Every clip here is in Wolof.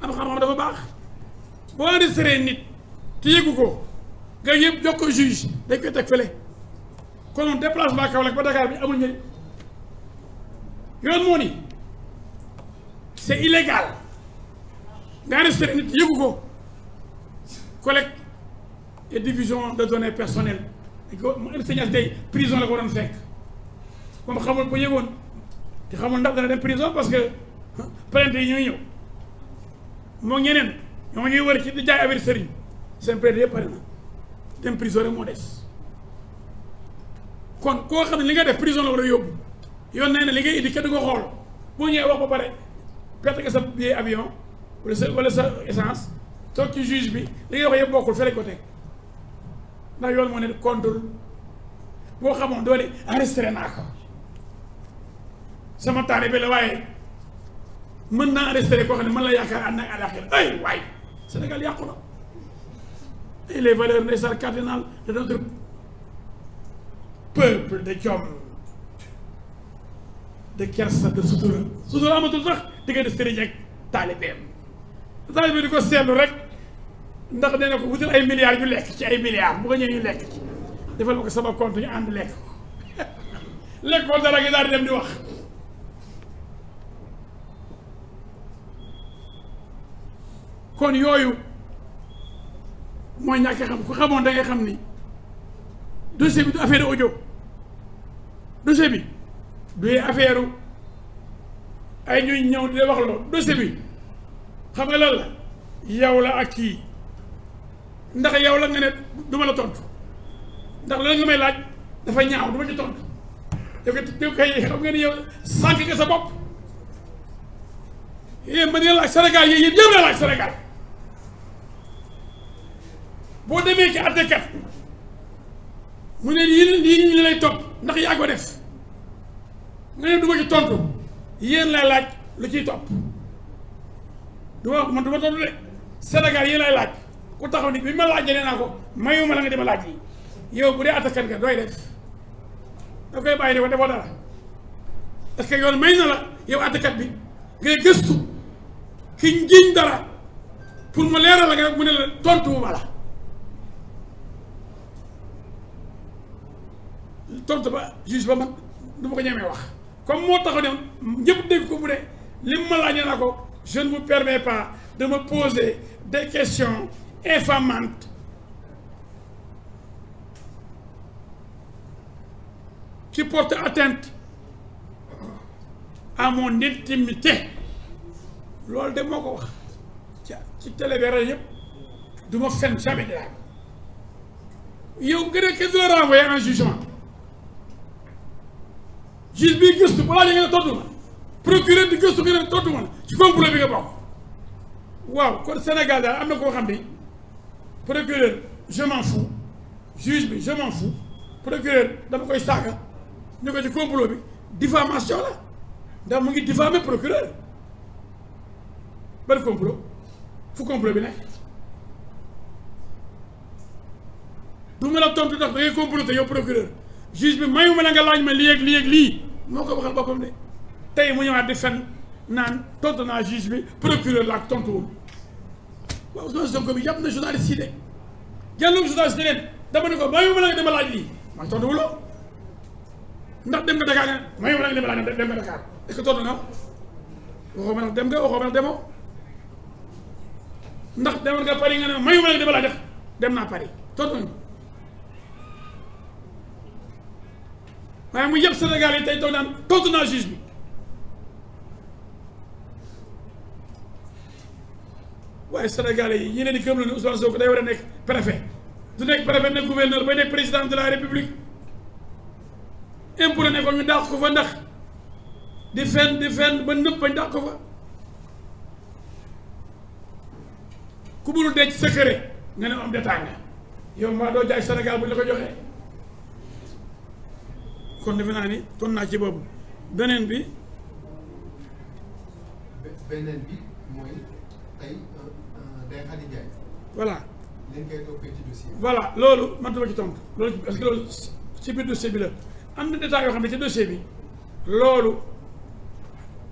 am xam-xam dafa baax boo enregistré nit te yëgu ko nga yëpp jox ko juge dañ koy teg fële kon déplacement Kaolack ba Dakar bi amul njëriñ yoon moo ni c'est illégal nga enregistré nit yëgu ko collecte et division de données personnelles dañ ko mu enregistré xamul ko yëgoon te xamul ndax dana dem prison parce que plainte yi ñooy ñëw moo ñeneen ñoo ñuy wër ci di jaay affaire sëriñ seen plaide yëpp pare na dem prison moo des kon koo xam ne li nga def prison la war a yóbbu yoon nee na li ngay indi kenn du ko xool boo ñëwee wax ba pare perte nga sa billet avion wala sa sa essence toog ci juge bi li ngay wax yëpp bokkul fële ko teg ndax yoon moo ne contrôle boo xamoon doole arrêté naa ko sama taalibe la waaye. mën naa arrêté koo xam ne mën la yaakaar ànd ak àllaaxira ay waay Sénégal yàqu na et les valeurs ndeysaan cardinales de notre peuple de jom de kersa de sutura sutura amatul sax diggante sëriñ ak taalibeem taalibe di ko seetlu rek ndax nee na ko wutal ay milliards ñu lekk ci ay milliards bu ko ñëwee ñu lekk ci defal ma ko sama compte ñu ànd lekk ko lekk ko dara gi daal di dem di wax kon yooyu mooy ñàkk xam ku xamoon da xam ni dossier bi du affaire audio dossier bi du affaire ay ñuy ñëw di wax loo dossier bi xam nga lan la yow la ak kii ndax yow la nga ne du ma la tontu ndax lan nga may laaj dafa ñaaw du ma ci tontu yow yow kay xam nga ni yow sànq nga sa bopp yéen ma dina laaj Sénégal yéen yëpp la laaj Sénégal. boo demee ci àttekat mu ne yéen yéen ñu lay ko def nga ne laaj lu ciy topp du ma man du tontu de Sénégal yéen lay laaj ku taxaw ni bi ma laajee nee naa ko mayu ma la nga dem a laaj yi yow bu dee àttekat nga dooy def da koy bàyyi ne ko defoo dara parce que yoon may na la yow àttekat bi ngay gëstu ki njiñ dara pour mu leeral la nga mu ne la tontu wu ma tontu ba juge ba man du ko ñemee wax comme moo taxaw ne ñëpp ko mu ne li mu ma laajee na ko je ne vous de me poser des questions infamantes qui portent loolu de moo ko wax ci télé bi rajo yëpp du ma yow nga ne kenn du la renvoyer en jugement juge bii gëstu balaa ñu ngeen tontu ma procureur di gëstu nga ne tontu ma ci complot bi nga bokk waaw kon Sénégal daal am na koo xam ne procureur je m'en fous bi je m'en fous procureur dama koy saaga ñu ko ci complot bi diffamation la ndax mu ngi diffamer procureur bari complot fu complot bi nekk du ma la tontu ndax da ngay yow procureur juge bi mayu ma la nga laaj ma lii ak lii ak lii moo ko waxal boppam de tey mu ñëwaat di fen naan tontu naa juge bi procureur la ak tontuwul waaw Ousmane Sonko bi jàpp na journaliste yi de jàllum journaliste ne leen dama ne ko mayu ma la nga dama laaj lii maa tontuwuloo ndax dem nga Dakar ne mayu ma la nga dem nga na waxoo dem nga waxoo ma nag demoo nga Paris nga ma la def dem naa Paris tontu nañu waaye mu yëpp Sénégal yi tey toog naan tontu naa juge bi waaye Sénégal yi ñi leen di gëm la ne Ousmane Sonko day war a nekk préfet du nekk préfet nekk gouverneur bay nekk président de la république impôt ne ko ñu dàq ko fa ndax di fen di fen ba nëpp bañ dàq ko fa ku mënul denc sa këre nga ne am détail nga yow maa doo jaay Sénégal bu la ko joxee kon defe naa ni ton naa ci boobu beneen bi. beneen bi mooy tey euh, euh, day Xadi voilà. leen koy toppee ci voilà loolu man dama ci tontu loolu parce que ci biir dossier bi la am na détails yoo xam ne ci dossier bi loolu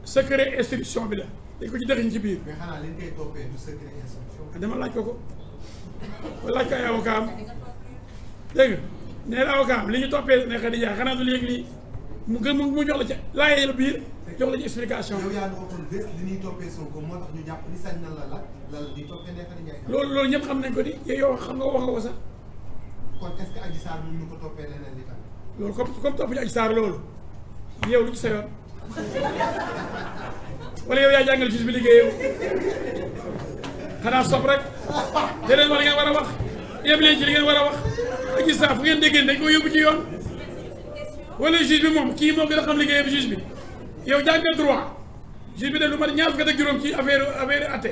secret instruction bi la dañ ko ci dëxiñ ci biir. mais xanaa leen koy ah, dama laaj ko ko wala laaj ko am dégg nee na avocat am li ñu toppee ne Khadija xanaa du léegi lii mu gën mu jox la ca laajee la biir jox la ci explication. yow yaa waxoon bés li ñuy toppee Sonko jàpp ni sañ na la la loolu loolu ñëpp xam nañ ko di yow xam nga wax nga ko sax. kon est-ce que Adji Sarr mën na ko toppee leneen li tam. loolu comme comme topp ñu Adji Sarr loolu yow lu ci sa yoon wala yow yaa jàngal juge bi liggéeyam xanaa sopp rek te leen wax li ngeen war a wax yem leen ci li ngeen war a wax. Adji Sarr fu ngeen déggee dañ ko yóbbu ci yoon wala juge bi moom kii moo gën a xam liggéeyam juge bi yow jàng nga droit juge bi def lu mat ñaar fukk ak juróom ci affaire affaire atte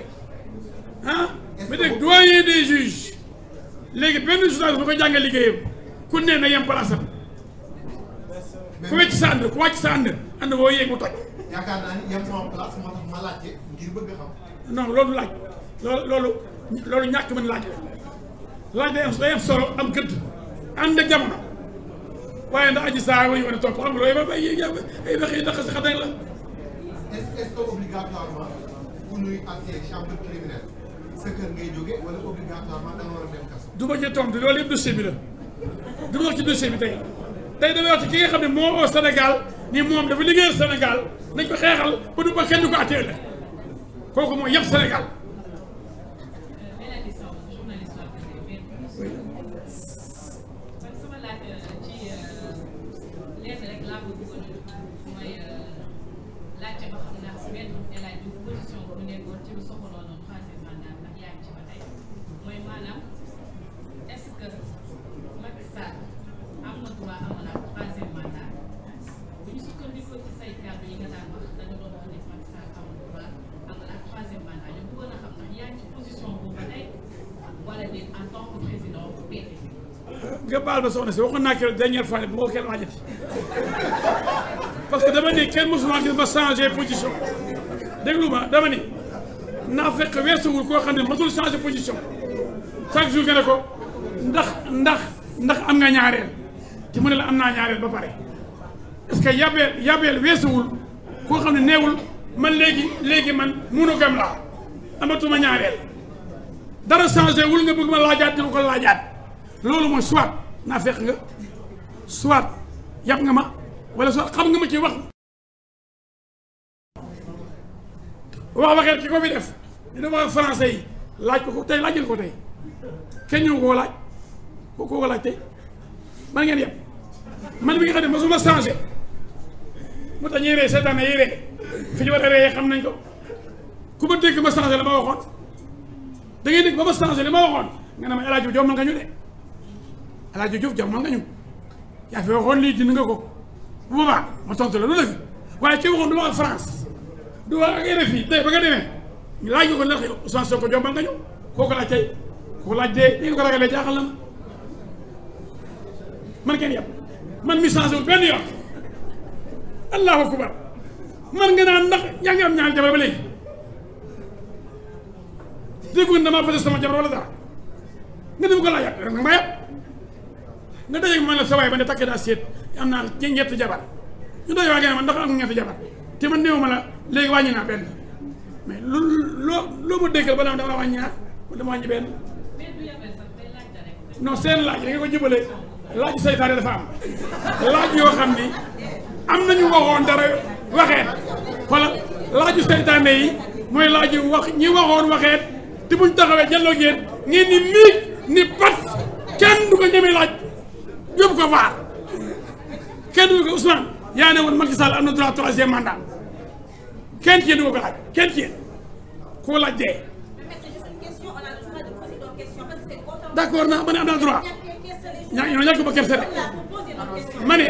ah mais nag doyen des juges léegi benn journaliste bu ko jàngal liggéeyam ku ne na yem palaasam ku wecc sa ànd ku wàcc sa ànd ànd boo yéeg mu toj yaakaar non loolu laaj loolu loolu ñàkk mën laaj la laaj day am day am solo am gëdd ànd ak jamono waaye ndax aji saa wañu wane topp xam nga loolu ba yéeg yàlla ay waxi ndax si xatay la. est est da nga war a ci tontu loolu yëpp dossier bi la du wax ci dossier bi tey tey damay wax ci ki nga xam ne moo oo Sénégal ni moom dafa liggéey Sénégal nañ ko xeexal ba du ba kenn du ko àttee kooku mooy yëpp Sénégal. laa bëggoon a dugg ba xam ndax benn El Hadj Diouf position bu nekkoon ci lu soxaloon noonu troisième mandat ndax yaa ngi ci ba tey nga baal ba soxna si waxoon naa keroog dernière fois ne bu ma ko kenn parce que dama ne kenn mosuma gis ma changé position déglu ma dama ne naa fekk weesuwul koo xam ne mosul changé position chaque jour nga ko ndax ndax ndax am nga ñaareel ci mu ne la am naa ñaareel ba pare est-ce que yabeel yabeel weesuwul koo xam ne neewul man léegi léegi man monogame laa amatuma ñaareel dara changé wul nga bëgg ma laajaat dama ko laajaat loolu mooy soit naa fekk nga soit yàpp nga ma wala soit xam nga ma ci wax wax waxee ki ko fi def dina wax français yi laaj ko ko tey laajal ko tey kenn ñëw koo laaj koo ko laaj tey man ngeen yàpp man mi nga xam ne mosuma changé mu tax ñuy ree seetaan yi ree fi ñu war ree xam nañ ko ku ma dégg ma changé la ma waxoon da ngay dégg ba ma changé li ma waxoon nga ne ma El Hadj Diop nga ñu de Alaaji Diouf jàmmal nga ñu yaa fi waxoon lii dindi nga ko bu boobaa ma tontu la lu la fi waaye ci waxoon du wax ak France du wax ak RFI tey ba nga demee ñu laaj nga ko ndax nga ñu koo ko laaj tey ko laaj dee ni ko ragalee jaaxal na ma man kenn yàpp man mi changé wul benn nga naan ndax yaa ngi am ñaari jabar ma yàpp nga dajeeg man la sa waay ba ne takk daa seet am naa ñetti jabar ñu doy waa nga ne ma ndax am nga ñetti jabar te man la léegi wàññi naa benn mais lu loo loo ma déggal balaa dama wàññi ñaar dama wàññi benn non seen laaj da nga ko jëbale laaj seytaane dafa am laaj yoo xam ni am nañu waxoon dara waxeet xoolal laaju seytaane yi mooy laaju wax ñi waxoon waxeet te buñ taxawee jàlloo ngeen ngeen ni miig ni pat kenn du ko ñemee laaj yóbbu ko vaar kenn du ko Ousmane yaa ne woon Macky Sall am na droit troisième mandat kenn ci yéen du ko laaj kenn ci yéen ku ko laaj dee. d' accord naa ma ne am naa droit ña ñoo ñàkk ba kerse de ma ne.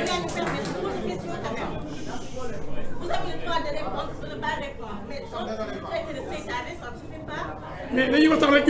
mais dañuy waxtaan rek.